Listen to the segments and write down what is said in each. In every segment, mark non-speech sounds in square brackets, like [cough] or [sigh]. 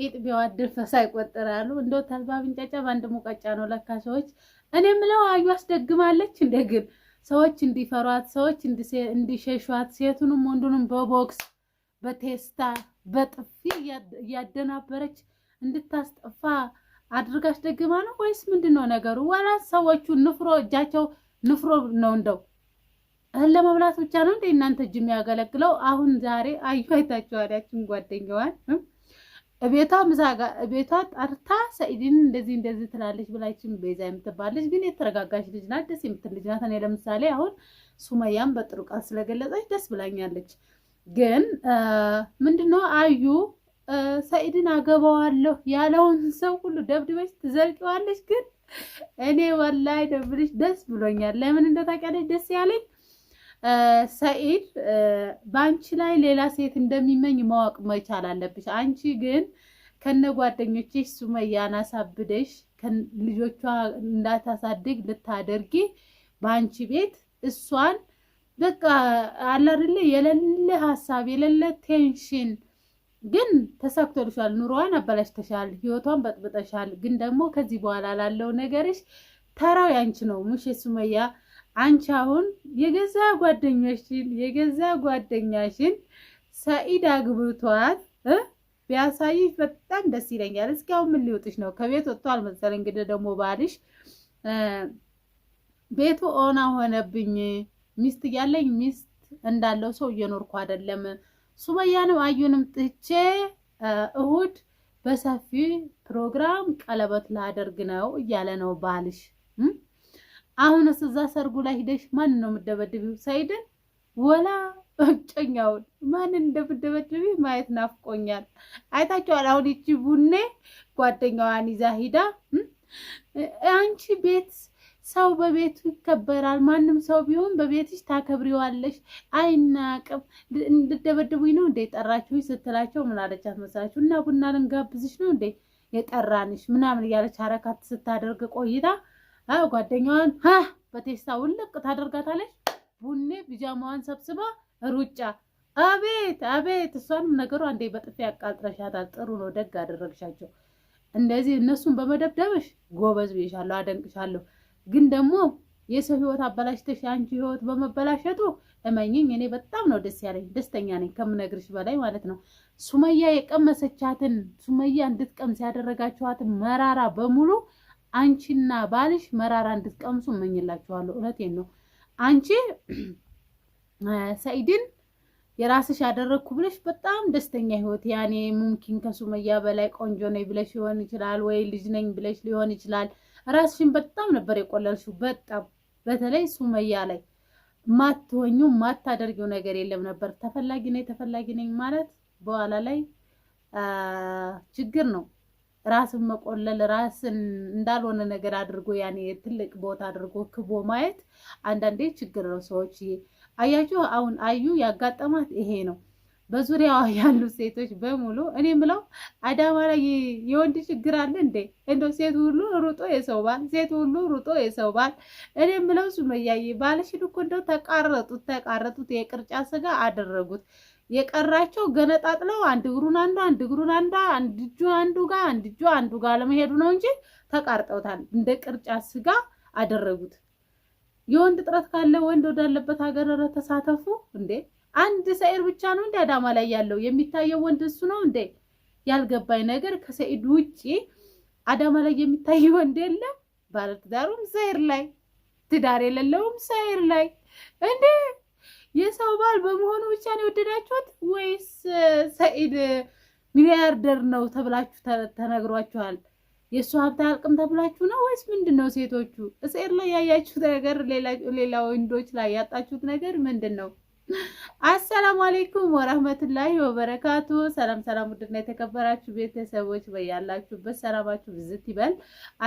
ቂጥ ቢዋድር ፈሳይ ይቆጠራሉ። እንደ ተልባ ብንጫጫ በአንድ ሙቀጫ ነው ለካ ሰዎች። እኔ ምለው አዩ አስደግማለች። እንደግን ሰዎች እንዲፈሯት፣ ሰዎች እንዲሸሿት፣ ሴቱንም ወንዱንም በቦክስ በቴስታ በጥፊ እያደናበረች እንድታስጠፋ አድርጋ አስደግማ ነው ወይስ ምንድን ነው ነገሩ? ዋላ ሰዎቹ ንፍሮ እጃቸው ንፍሮ ነው እንደው እህል ለመብላት ብቻ ነው እንደ እናንተ እጅ የሚያገለግለው። አሁን ዛሬ አዩ አይታችኋል ያችን ጓደኛዋን ቤቷ ምዛጋ ቤቷ ጠርታ ሰኢድን እንደዚህ እንደዚህ ትላለች ብላችን ቤዛ የምትባል ልጅ ግን የተረጋጋች ልጅ ናት። ደስ የምትል ልጅ ናት። እኔ ለምሳሌ አሁን ሱመያም በጥሩ ቃል ስለገለጸች ደስ ብላኛለች። ግን ምንድነው አዩ ሰኢድን አገባዋለሁ ያለውን ሰው ሁሉ ደብድበች ትዘርቂዋለች። ግን እኔ ወላሂ ደብልሽ ደስ ብሎኛል። ለምን እንደታውቂያለሽ ደስ ያለኝ ሰኢድ በአንቺ ላይ ሌላ ሴት እንደሚመኝ ማወቅ መቻል አለብሽ። አንቺ ግን ከነ ጓደኞችሽ ሱመያን አሳብደሽ ልጆቿ እንዳታሳድግ ልታደርጊ በአንቺ ቤት እሷን በቃ አላርል የሌለ ሀሳብ የሌለ ቴንሽን ግን ተሳክቶልሻል። ኑሮዋን አበላሽተሻል። ህይወቷን በጥብጠሻል። ግን ደግሞ ከዚህ በኋላ ላለው ነገርሽ ተራው ያንቺ ነው ሙሽ ሱመያ አንቺ አሁን የገዛ ጓደኞችን የገዛ ጓደኛሽን ሰኢድ አግብቷት ቢያሳይሽ በጣም ደስ ይለኛል። እስኪ አሁን ምን ሊወጥሽ ነው? ከቤት ወጥቷል መሰለኝ። እንግዲህ ደግሞ ባልሽ ቤቱ ኦና ሆነብኝ፣ ሚስት እያለኝ ሚስት እንዳለው ሰው እየኖርኩ አይደለም፣ ሱመያንም አዩንም ጥቼ እሁድ በሰፊ ፕሮግራም ቀለበት ላደርግ ነው እያለ ነው ባልሽ አሁንስ እዛ ሰርጉ ላይ ሂደሽ ማንን ነው የምደበድቢው? ሳይድን? ወላ እጮኛውን ማን እንደምደበድቢ ማየት ናፍቆኛል። አይታችኋል። አሁን ይቺ ቡኔ ጓደኛዋን ይዛ ሂዳ አንቺ ቤት ሰው በቤቱ ይከበራል። ማንም ሰው ቢሆን በቤትሽ ታከብሪዋለሽ። አይናቅም። እንድደበድቡኝ ነው እንዴ ጠራችሁኝ? ስትላቸው ምን አለቻት መሰላችሁ? እና ቡና ልንጋብዝሽ ነው እንዴ የጠራንሽ ምናምን እያለች አረካት ስታደርግ ቆይታ ጓደኛዋን በቴስታ ውልቅ ታደርጋታለች። ቡኔ ቢጃማዋን ሰብስባ ሩጫ አቤት አቤት! እሷንም ነገሩ አንዴ በጥፊ ያቃጥረሻታል። ጥሩ ነው፣ ደግ አደረግሻቸው። እንደዚህ እነሱን በመደብደብሽ ጎበዝ ብዬሻለሁ፣ አደንቅሻለሁ። ግን ደግሞ የሰው ህይወት አበላሽተሽ የአንቺ ህይወት በመበላሸቱ እመኝኝ፣ እኔ በጣም ነው ደስ ያለኝ፣ ደስተኛ ነኝ ከምነግርሽ በላይ ማለት ነው። ሱመያ የቀመሰቻትን ሱመያ እንድትቀምስ ያደረጋችኋትን መራራ በሙሉ አንቺና ባልሽ መራራ እንድትቀምሱ እመኝላችኋለሁ። እውነቴን ነው። አንቺ ሰኢድን የራስሽ ያደረግኩ ብለሽ በጣም ደስተኛ ህይወት ያኔ ሙምኪን ከሱመያ በላይ ቆንጆ ነኝ ብለሽ ሊሆን ይችላል፣ ወይ ልጅ ነኝ ብለሽ ሊሆን ይችላል። ራስሽን በጣም ነበር የቆለልሽው። በጣም በተለይ ሱመያ ላይ ማትሆኙ ማታደርጊው ነገር የለም ነበር። ተፈላጊ ነኝ ተፈላጊ ነኝ ማለት በኋላ ላይ ችግር ነው። ራስን መቆለል ራስን እንዳልሆነ ነገር አድርጎ ያኔ ትልቅ ቦታ አድርጎ ክቦ ማየት አንዳንዴ ችግር ነው። ሰዎች አያችሁ፣ አሁን አዩ ያጋጠማት ይሄ ነው። በዙሪያዋ [laughs] ያሉ ሴቶች በሙሉ እኔ ምለው አዳማ ላይ የወንድ ችግር አለ እንዴ? እንደ ሴት ሁሉ ሩጦ የሰው ባል፣ ሴት ሁሉ ሩጦ የሰው ባል። እኔ ምለው ሱመያዬ ባልሽን እኮ እንደው ተቃረጡት፣ ተቃረጡት፣ የቅርጫ ስጋ አደረጉት። የቀራቸው ገነጣጥለው አንድ እግሩን አንዷ አንድ እግሩን አንዷ አንድ እጁ አንዱ ጋር አንድ እጁ አንዱ ጋር ለመሄዱ ነው እንጂ ተቃርጠውታል። እንደ ቅርጫት ስጋ አደረጉት። የወንድ ጥረት ካለ ወንድ ወዳለበት ሀገር ተሳተፉ። እንዴ አንድ ሰኢድ ብቻ ነው እንዴ አዳማ ላይ ያለው የሚታየው ወንድ እሱ ነው እንዴ? ያልገባኝ ነገር ከሰኢድ ውጪ አዳማ ላይ የሚታይ ወንድ የለም። ባለትዳሩም ሰኢድ ላይ፣ ትዳር የሌለውም ሰኢድ ላይ እንዴ የሰው ባል በመሆኑ ብቻ ነው የወደዳችሁት ወይስ ሰኢድ ሚሊያርደር ነው ተብላችሁ ተነግሯችኋል? የእሱ ሀብት አያልቅም ተብላችሁ ነው ወይስ ምንድን ነው? ሴቶቹ እስኤር ላይ ያያችሁት ነገር ሌላ ወንዶች ላይ ያጣችሁት ነገር ምንድን ነው? አሰላሙ አሌይኩም ወረህመቱላሂ ወበረካቱ። ሰላም ሰላም፣ ውድና የተከበራችሁ ቤተሰቦች በያላችሁበት ሰላማችሁ ብዝት ይበል።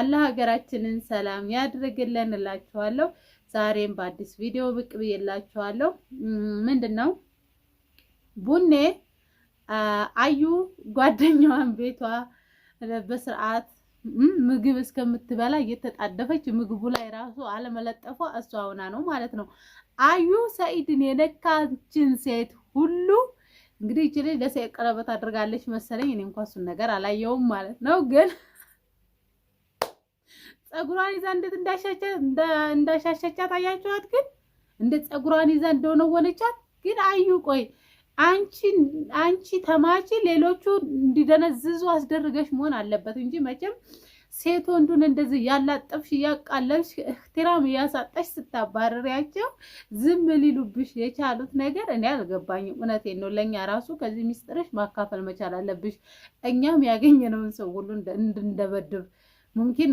አላህ ሀገራችንን ሰላም ያድርግልን እላችኋለሁ። ዛሬም በአዲስ ቪዲዮ ብቅ ብዬላችኋለሁ። ምንድን ነው ቡኔ አዩ ጓደኛዋን ቤቷ በስርዓት ምግብ እስከምትበላ እየተጣደፈች ምግቡ ላይ ራሱ አለመለጠፏ እሷ ሆና ነው ማለት ነው። አዩ ሰኢድን የነካችን ሴት ሁሉ እንግዲህ ይችል ለሰኢድ ቀለበት አድርጋለች መሰለኝ። እኔ እንኳ እሱን ነገር አላየውም ማለት ነው ግን ፀጉሯን ይዛ እንዴት እንዳሻሸቻት አያችኋት? ግን እንዴት ፀጉሯን ይዛ ወነቻት። ግን አዩ። ቆይ አንቺ ተማቺ ሌሎቹ እንዲደነዝዙ አስደርገሽ መሆን አለበት እንጂ መቼም ሴት ወንዱን እንደዚህ ያላጠፍሽ እያቃለልሽ እህትራም እያሳጠሽ ስታባረሪያቸው ዝም ሊሉብሽ የቻሉት ነገር እኔ አልገባኝም። እውነቴን ነው። ለእኛ ራሱ ከዚህ ሚስጥርሽ ማካፈል መቻል አለብሽ። እኛም ያገኘነውን ሰው ሁሉ እንድንደበድብ ሙምኪን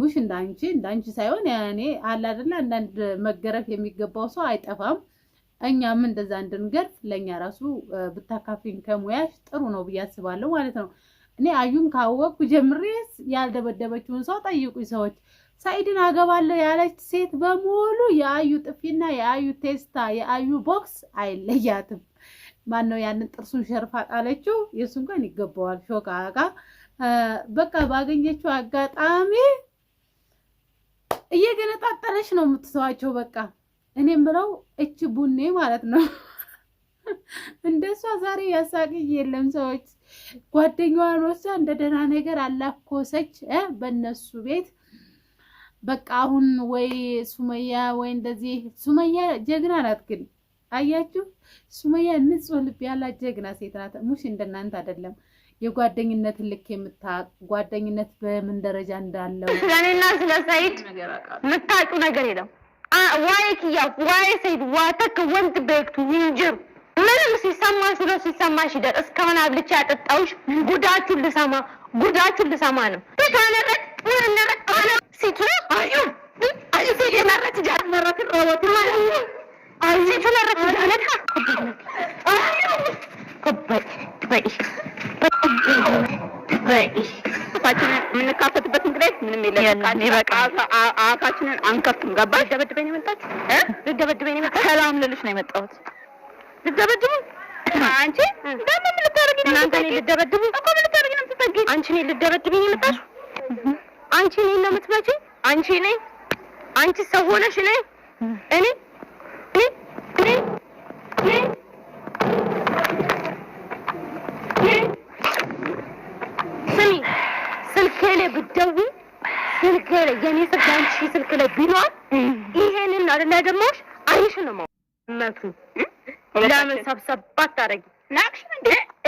ሙሽ እንዳንቺ እንዳንቺ ሳይሆን ያኔ አለ አይደለ አንዳንድ መገረፍ የሚገባው ሰው አይጠፋም። እኛም እንደዛ እንድንገርፍ ለእኛ ራሱ ብታካፊን ከሙያሽ ጥሩ ነው ብዬ አስባለሁ ማለት ነው። እኔ አዩን ካወቅኩ ጀምሬስ ያልደበደበችውን ሰው ጠይቁኝ ሰዎች። ሰኢድን አገባለሁ ያለች ሴት በሙሉ የአዩ ጥፊና የአዩ ቴስታ የአዩ ቦክስ አይለያትም። ማን ነው ያንን ጥርሱን ሸርፋ ጣለችው? የእሱ እንኳን ይገባዋል ሾቃቃ በቃ ባገኘችው አጋጣሚ እየገነጣጠለች ነው የምትተዋቸው። በቃ እኔም ብለው እች ቡኔ ማለት ነው። [laughs] እንደሷ ዛሬ ያሳቅኝ የለም ሰዎች። ጓደኛዋን ወስዳ እንደ ደህና ነገር አላኮሰች በእነሱ ቤት በቃ አሁን ወይ ሱመያ ወይ እንደዚህ ሱመያ ጀግና ናት ግን አያችሁ ሱመያ ንጹህ ልብ ያላት ጀግና ሴት ናት። ሙሽ እንደናንተ አይደለም። የጓደኝነት ልክ የምታውቅ ጓደኝነት በምን ደረጃ እንዳለው ስለኔና ስለ ሰይድ የምታውቁ ነገር የለም። ዋይ ክያ ዋይ ሰይድ ዋተክ ወንድ በክቱ ይንጅር ምንም ሲሰማ ስለ ሲሰማ ይደር እስካሁን አብልቻ ያጠጣውሽ ጉዳችሁን ልሰማ ጉዳችሁን ልሰማ ነው ታነረቅ ነረቅ ሲቱ አዩ አዩ ሴት የመረት ጃ መረት ራወት ማለት ነው አፋችንን የምንካፈትበት ምክንያት ምንም የለም። አፋችንን አንከፍትም። ገባሽ? ልትደበድበኝ ነው የመጣች ልትደበድበኝ ነው የመጣች። ሰላም ልልሽ ነው የመጣሁት። ልትደበድቡኝ? አንቺ ደግሞ ምን ልታደርጊኝ ነው? እናንተ እኔን ልትደበድቡኝ እኮ ምን ልታደርጊኝ ነው የምትጠጊኝ? አንቺ እኔን ልትደበድብኝ ነው የመጣሽ? አንቺ እኔን ነው የምትመጪኝ? አንቺ እኔን አንቺ ሰው ሆነሽ እኔን እኔ ስሚ፣ ስልኬ ላይ ብትደውይ ስልኬ ላይ የኔ ስልክ አንቺ ስልክ ላይ ቢኖር ይሄንን አይደለ ደግሞ አይሽን ነው መቱ ለምን ሰብሰባት ታደርጊ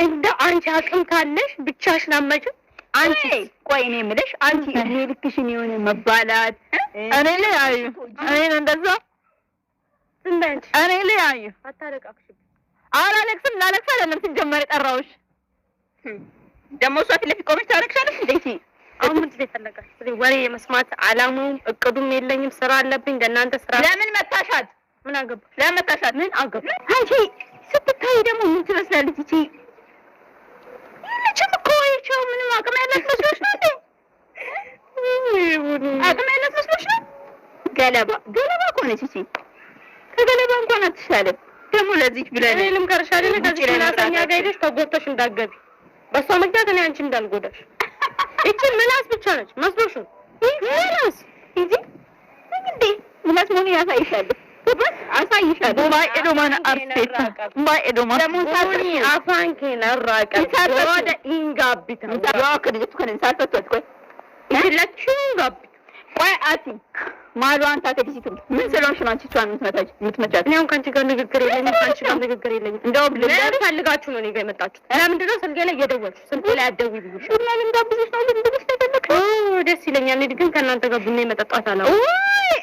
እንደ አንቺ አቅም ካለሽ ብቻሽን አመጭም አንቺ ቆይ እኔ የምልሽ አንቺ እኔ ልክሽን የሆነ መባላት እኔ ላይ አዩ እኔን እንደዛ እኔ ልያዩ አላለቅስም። ላለቅስ አይደለም ሲጀመር የጠራሁሽ ደግሞ እሷ ፊት ለፊት ቆመች ታረቅሻለሽ። እንዴት አሁን ምንድን ነው የፈለጋችሁት? ወሬ የመስማት አላማውም እቅዱም የለኝም። ስራ አለብኝ እንደናንተ ስራ። ለምን መታሻት? ምን አገባ? ለምን መታሻት? ምን አገባ? አንቺ ስትታይ ደግሞ ምን ትመስላለች እቺ? ይህችም እኮ ይቸው ምንም አቅም ያላት መስሎሽ ነው እንዴ? አቅም ያላት መስሎሽ ነው። ገለባ ገለባ እኮ ነች እቺ ከገለባ እንኳን አትሻለም። ደግሞ ለዚህ ብለን እኔ ልምከርሽ አይደለ ከዚህ ምናሳኛ ጋር ሄደሽ ተጎድተሽ እንዳትገቢ በሷ ምክንያት እኔ አንቺ እንዳልጎዳሽ። እቺ [laughs] ምላስ ብቻ ነች መስሎሽ ነው? ምላስ እንጂ እንዴ ምላስ ምን ያሳይሻል? አፋን ቆይ አቲ ማሉ አንተ አትዲሲቱ ምን ስለሆንሽ ነው አንቺ እሷን የምትመታች የምትመቻት? እኔ አሁን ከአንቺ ጋር ንግግር የለኝም፣ ከአንቺ ጋር ንግግር የለኝም። እንደውም ልንገርሽ ፈልጋችሁ ነው እኔ ጋር የመጣችሁት እና ነው ስልኬ ላይ እየደወልሽ ስልኬ ላይ አትደውይ ብዬሽ እና ልንጋብዝሽ ነው ልንብሽ ተደለክ ደስ ይለኛል። እኔ ግን ከእናንተ ጋር ቡና የመጠጣት አላ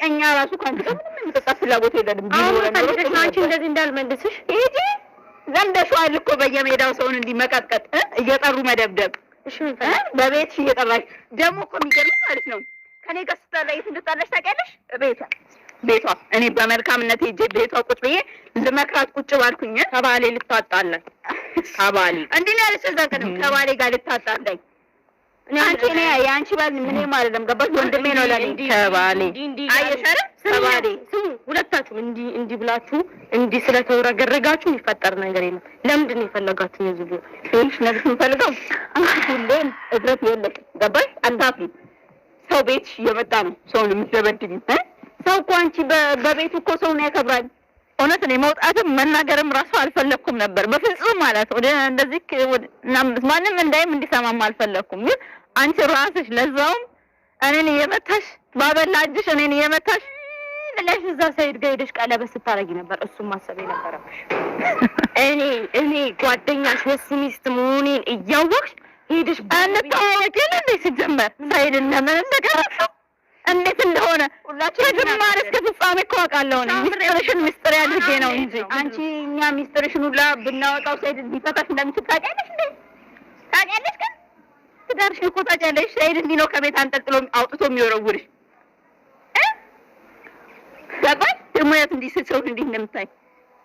እኛ ራሱ ከአንቺ ጋር ምንም የመጠጣት ፍላጎት የለንም። አሁን ፈልገሽ ነው አንቺ እንደዚህ እንዳልመልስሽ ሂጂ ዘንደሽዋል እኮ በየሜዳው ሰውን እንዲመቀጥቀጥ እየጠሩ መደብደብ። እሺ በቤትሽ እየጠራሽ ደግሞ እኮ የሚገርምሽ ማለት ነው ከኔ ጋር ስትጣላ የት እንድጣላሽ ታውቂያለሽ? ቤቷ ቤቷ እኔ በመልካምነት ሄጄ ቤቷ ቁጭ ብዬ ልመክራት ቁጭ ባልኩኝ ከባሌ ልታጣላኝ ከባሌ እንዲህ ነው ያለች። እዛ ቀደም ከባሌ ጋር ልታጣለኝ እኔ አንቺ እኔ የአንቺ ባል ምንም አይደለም። ገባሽ? ወንድሜ ነው ለኔ ከባሌ። አየሽ አይደል? ከባሌ ስሙ፣ ሁለታችሁም እንዲህ እንዲህ ብላችሁ እንዲህ ስለተወረገረጋችሁ የሚፈጠር ነገር የለም። ለምንድን ነው የፈለጋችሁ? የዝቡ ትንሽ ነገር የምፈልገው አንቺ ሁሌም እብረት የለሽም። ገባሽ? አታፍሪም ሰው ቤት የመጣ ነው ሰውን የምትደበድኝ። ሰው እኮ አንቺ በቤቱ እኮ ሰውን ያከብራል። እውነት ነው። መውጣትም መናገርም ራሱ አልፈለግኩም ነበር በፍጹም ማለት ወደ እንደዚህ ማንም እንዳይም እንዲሰማም አልፈለግኩም። ግን አንቺ ራስሽ ለዛውም እኔን እየመታሽ ባበላጅሽ እኔን እየመታሽ ብለሽ እዛ ሰይድ ጋር ሄደሽ ቀለበት ስታረጊ ነበር። እሱም ማሰብ የነበረብሽ እኔ እኔ ጓደኛሽ የሱ ሚስት መሆኔን እያወቅሽ ሄድሽ እንታወቂን እንዴ? ሲጀመር ሳይድን ለምን እንደቀረብሽው እንዴት እንደሆነ ከጅማሬ እስከ ፍጻሜ እኮ አውቃለሁ። እኔ ሚስጥርሽን ሚስጥር ያድርጌ ነው እንጂ አንቺ እኛ ሚስጥርሽን ሁላ ብናወጣው ሳይድ ሊፈታሽ እንደምችል ታውቂያለሽ እንዴ? ታውቂያለሽ ግን ትዳርሽን እኮ ታውቂያለሽ። ሳይድ እንዲህ ነው ከቤት አንጠልጥሎ አውጥቶ የሚወረውርሽ እ ገባሽ ደግሞ ያት እንዲህ ሰውን እንዲህ እንደምታይ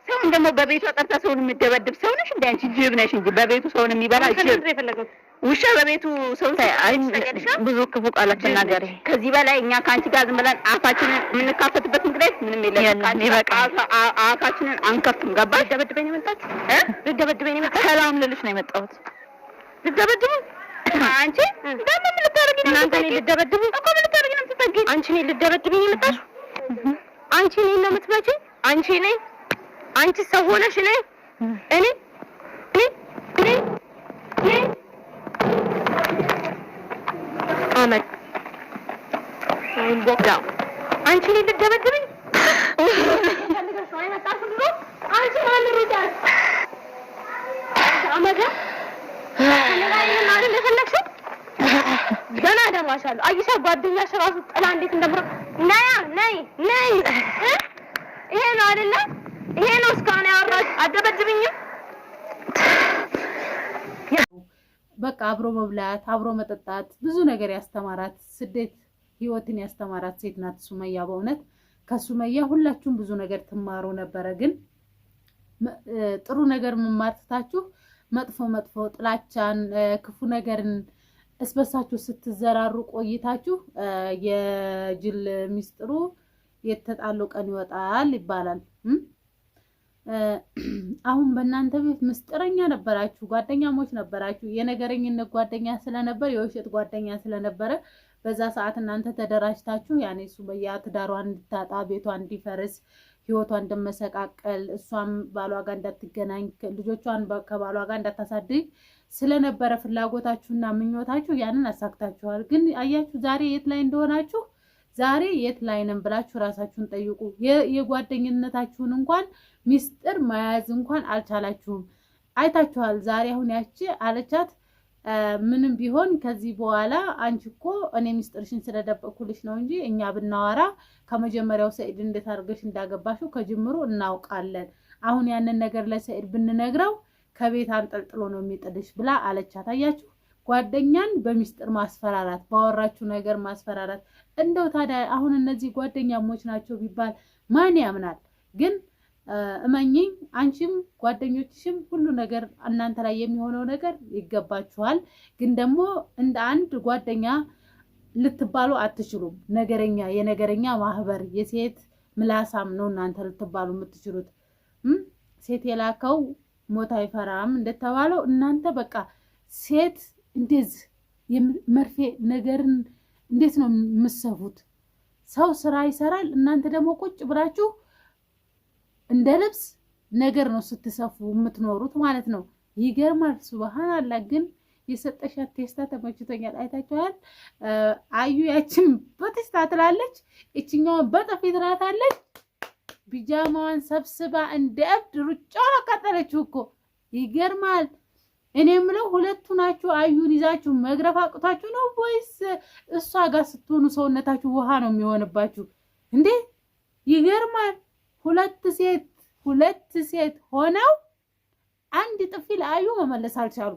ሰውን ደግሞ በቤቷ ጠርታ ሰውን የምትደበድብ ሰው ነሽ እንደ አንቺ ጅብ ነሽ እንጂ በቤቱ ሰውን የሚበላ ጅብ ውሻ በቤቱ ሰው ብዙ ክፉ ቃላት ተናገሪ። ከዚህ በላይ እኛ ከአንቺ ጋር ዝም ብለን አፋችንን የምንካፈትበት ምክንያት ምንም የለም። አፋችንን አንከፍትም። ገባሽ? ልደበድበኝ ነው የመጣሁት እ ልደበድበኝ ነው የመጣሁት ሰላም ልልሽ ነው የመጣሁት። ልደበድቡ አንቺ ደግሞ ምን ልታደርጊ ነው? እናንተ እኔን ልደበድቡ እኮ ምን ልታደርጊ ነው የምትጠጊ? አንቺ እኔን ልደበድበኝ ነው የመጣሽው? አንቺ እኔን ነው የምትመጪ? አንቺ እኔን አንቺ ሰው ሆነሽ እኔ እኔ አመት አይምቦቃው አንቺ ላይ ልደበድብኝ ገና ደማሻለሁ። አይሻ ጓደኛሽ እራሱ ጥላ እንዴት እንደምሮ ነይ ነይ ነይ። ይሄ ነው አይደለ? ይሄ ነው እስካሁን ያወራሁት። አደበድብኝም በቃ አብሮ መብላት አብሮ መጠጣት ብዙ ነገር ያስተማራት ስደት ህይወትን ያስተማራት ሴት ናት ሱመያ። በእውነት ከሱመያ ሁላችሁም ብዙ ነገር ትማሩ ነበረ። ግን ጥሩ ነገር መማር ትታችሁ መጥፎ መጥፎ ጥላቻን፣ ክፉ ነገርን እስበሳችሁ ስትዘራሩ ቆይታችሁ የጅል ሚስጥሩ የተጣሉ ቀን ይወጣል ይባላል። አሁን በእናንተ ቤት ምስጢረኛ ነበራችሁ፣ ጓደኛሞች ነበራችሁ። የነገረኝነት ጓደኛ ስለነበር የውሸት ጓደኛ ስለነበረ በዛ ሰዓት እናንተ ተደራጅታችሁ ያኔ ሱመያ ትዳሯን እንድታጣ ቤቷ እንዲፈርስ ህይወቷ እንደመሰቃቀል እሷም ባሏ ጋር እንዳትገናኝ ልጆቿን ከባሏ ጋር እንዳታሳድግ ስለነበረ ፍላጎታችሁና ምኞታችሁ ያንን አሳክታችኋል። ግን አያችሁ ዛሬ የት ላይ እንደሆናችሁ ዛሬ የት ላይ ነን ብላችሁ ራሳችሁን ጠይቁ። የጓደኝነታችሁን እንኳን ሚስጥር መያዝ እንኳን አልቻላችሁም። አይታችኋል። ዛሬ አሁን ያቺ አለቻት ምንም ቢሆን ከዚህ በኋላ አንቺ እኮ እኔ ሚስጥርሽን ስለደበቅኩልሽ ነው እንጂ እኛ ብናወራ ከመጀመሪያው ሰኢድ እንዴት አድርገሽ እንዳገባሽው ከጅምሩ እናውቃለን። አሁን ያንን ነገር ለሰኢድ ብንነግረው ከቤት አንጠልጥሎ ነው የሚጥልሽ ብላ አለቻት። አያችሁ። ጓደኛን በሚስጥር ማስፈራራት፣ ባወራችሁ ነገር ማስፈራራት። እንደው ታዲያ አሁን እነዚህ ጓደኛሞች ናቸው ቢባል ማን ያምናል? ግን እመኝኝ አንቺም ጓደኞችሽም ሁሉ ነገር እናንተ ላይ የሚሆነው ነገር ይገባችኋል። ግን ደግሞ እንደ አንድ ጓደኛ ልትባሉ አትችሉም። ነገረኛ የነገረኛ ማህበር የሴት ምላሳም ነው እናንተ ልትባሉ የምትችሉት። ሴት የላከው ሞት አይፈራም እንደተባለው እናንተ በቃ ሴት እንደዚህ መርፌ ነገርን እንዴት ነው የምሰፉት? ሰው ስራ ይሰራል፣ እናንተ ደግሞ ቁጭ ብላችሁ እንደ ልብስ ነገር ነው ስትሰፉ የምትኖሩት ማለት ነው። ይገርማል። ሱብሃን አላ ግን የሰጠሻት ቴስታ ተመችቶኛል። አይታችኋል። አዩ ያችን በቴስታ ትላለች፣ እችኛዋን በጥፊ ትላታለች። ቢጃማዋን ሰብስባ እንደ እብድ ነው ካጠለችው እኮ ይገርማል። እኔ የምለው ሁለቱ ናችሁ። አዩን ይዛችሁ መግረፍ አቅቷችሁ ነው ወይስ እሷ ጋር ስትሆኑ ሰውነታችሁ ውሃ ነው የሚሆንባችሁ እንዴ? ይገርማል። ሁለት ሴት ሁለት ሴት ሆነው አንድ ጥፊ ለአዩ መመለስ አልቻሉ።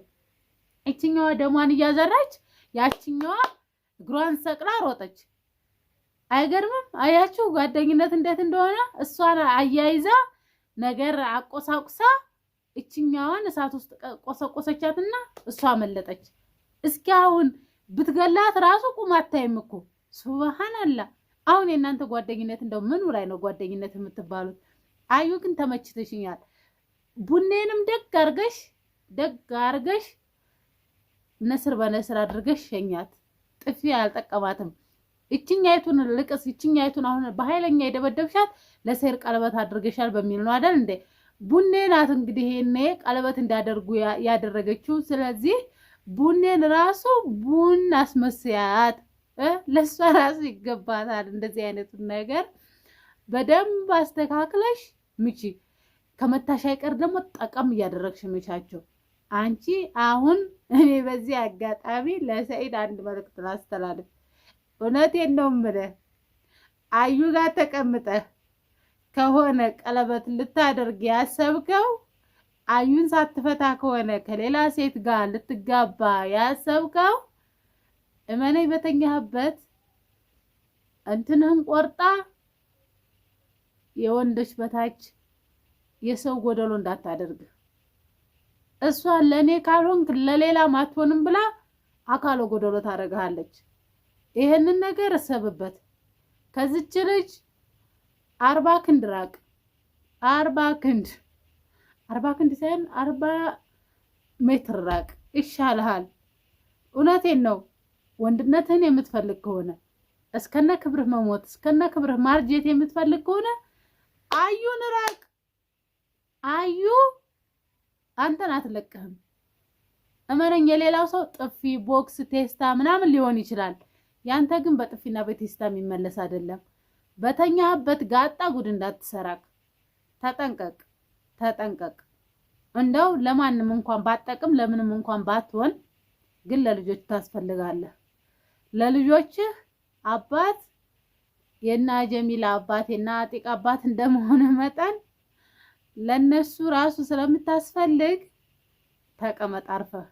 ይችኛዋ ደሟን እያዘራች ያችኛዋ እግሯን ሰቅላ ሮጠች። አይገርምም? አያችሁ ጓደኝነት እንዴት እንደሆነ እሷን አያይዛ ነገር አቆሳቁሳ እችኛዋን እሳት ውስጥ ቆሰቆሰቻትና እሷ መለጠች። እስኪ አሁን ብትገላት ራሱ ቁም አታይም እኮ ሱብሃናላ። አሁን የእናንተ ጓደኝነት እንደው ምኑ ላይ ነው ጓደኝነት የምትባሉት? አዩ ግን ተመችተሽኛል። ቡኔንም ደግ አርገሽ ደግ አርገሽ ነስር በነስር አድርገሽ ሸኛት። ጥፊ አልጠቀማትም። እችኛይቱን ልቅስ እችኛይቱን አሁን በኃይለኛ የደበደብሻት ለሰይር ቀለበት አድርገሻል በሚል ነው አደል እንዴ? ቡኔ ናት እንግዲህ ይሄኔ ቀለበት እንዳደርጉ ያደረገችው። ስለዚህ ቡኔን ራሱ ቡን አስመስያት፣ ለእሷ ራሱ ይገባታል። እንደዚህ አይነት ነገር በደንብ አስተካክለሽ ምቺ። ከመታሽ አይቀር ደግሞ ጠቀም እያደረግሽ ምቻቸው። አንቺ አሁን እኔ በዚህ አጋጣሚ ለሰኢድ አንድ መልክት ላስተላልፍ። እውነቴን ነው የምልህ አዩ ጋር ተቀምጠህ ከሆነ ቀለበት ልታደርግ ያሰብከው አዩን ሳትፈታ ከሆነ ከሌላ ሴት ጋር ልትጋባ ያሰብከው እመነኝ፣ በተኛህበት እንትንህን ቆርጣ የወንዶች በታች የሰው ጎደሎ እንዳታደርግ። እሷ ለኔ ካልሆንክ ለሌላ ማትሆንም ብላ አካሎ ጎደሎ ታደርግሃለች። ይሄንን ነገር እሰብበት ከዚች ልጅ አርባ ክንድ ራቅ። አርባ ክንድ አርባ ክንድ ሳይሆን አርባ ሜትር ራቅ ይሻልሃል። እውነቴን ነው። ወንድነትህን የምትፈልግ ከሆነ እስከነ ክብርህ መሞት እስከነ ክብርህ ማርጀት የምትፈልግ ከሆነ አዩን ራቅ። አዩ አንተን አትለቅህም። እመነኝ፣ የሌላው ሰው ጥፊ፣ ቦክስ፣ ቴስታ ምናምን ሊሆን ይችላል። ያንተ ግን በጥፊና በቴስታ የሚመለስ አይደለም። በተኛህበት ጋጣ ጉድ እንዳትሰራቅ ተጠንቀቅ፣ ተጠንቀቅ። እንደው ለማንም እንኳን ባትጠቅም ለምንም እንኳን ባትሆን ግን ለልጆች ታስፈልጋለህ። ለልጆችህ አባት የና ጀሚል አባት የና አጢቅ አባት እንደመሆነ መጠን ለነሱ ራሱ ስለምታስፈልግ ተቀመጥ አርፈህ።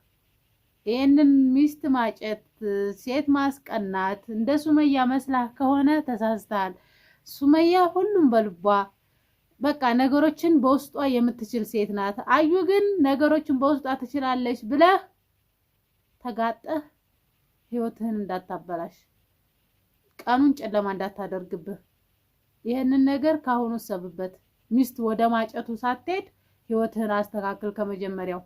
ይህንን ሚስት ማጨት፣ ሴት ማስቀናት እንደ ሱመያ መስላህ ከሆነ ተሳስተሃል። ሱመያ ሁሉም በልቧ በቃ ነገሮችን በውስጧ የምትችል ሴት ናት። አዩ ግን ነገሮችን በውስጧ ትችላለች ብለህ ተጋጠህ ህይወትህን እንዳታበላሽ፣ ቀኑን ጨለማ እንዳታደርግብህ። ይህንን ነገር ካሁኑ ሰብበት። ሚስት ወደ ማጨቱ ሳትሄድ ህይወትህን አስተካክል ከመጀመሪያው።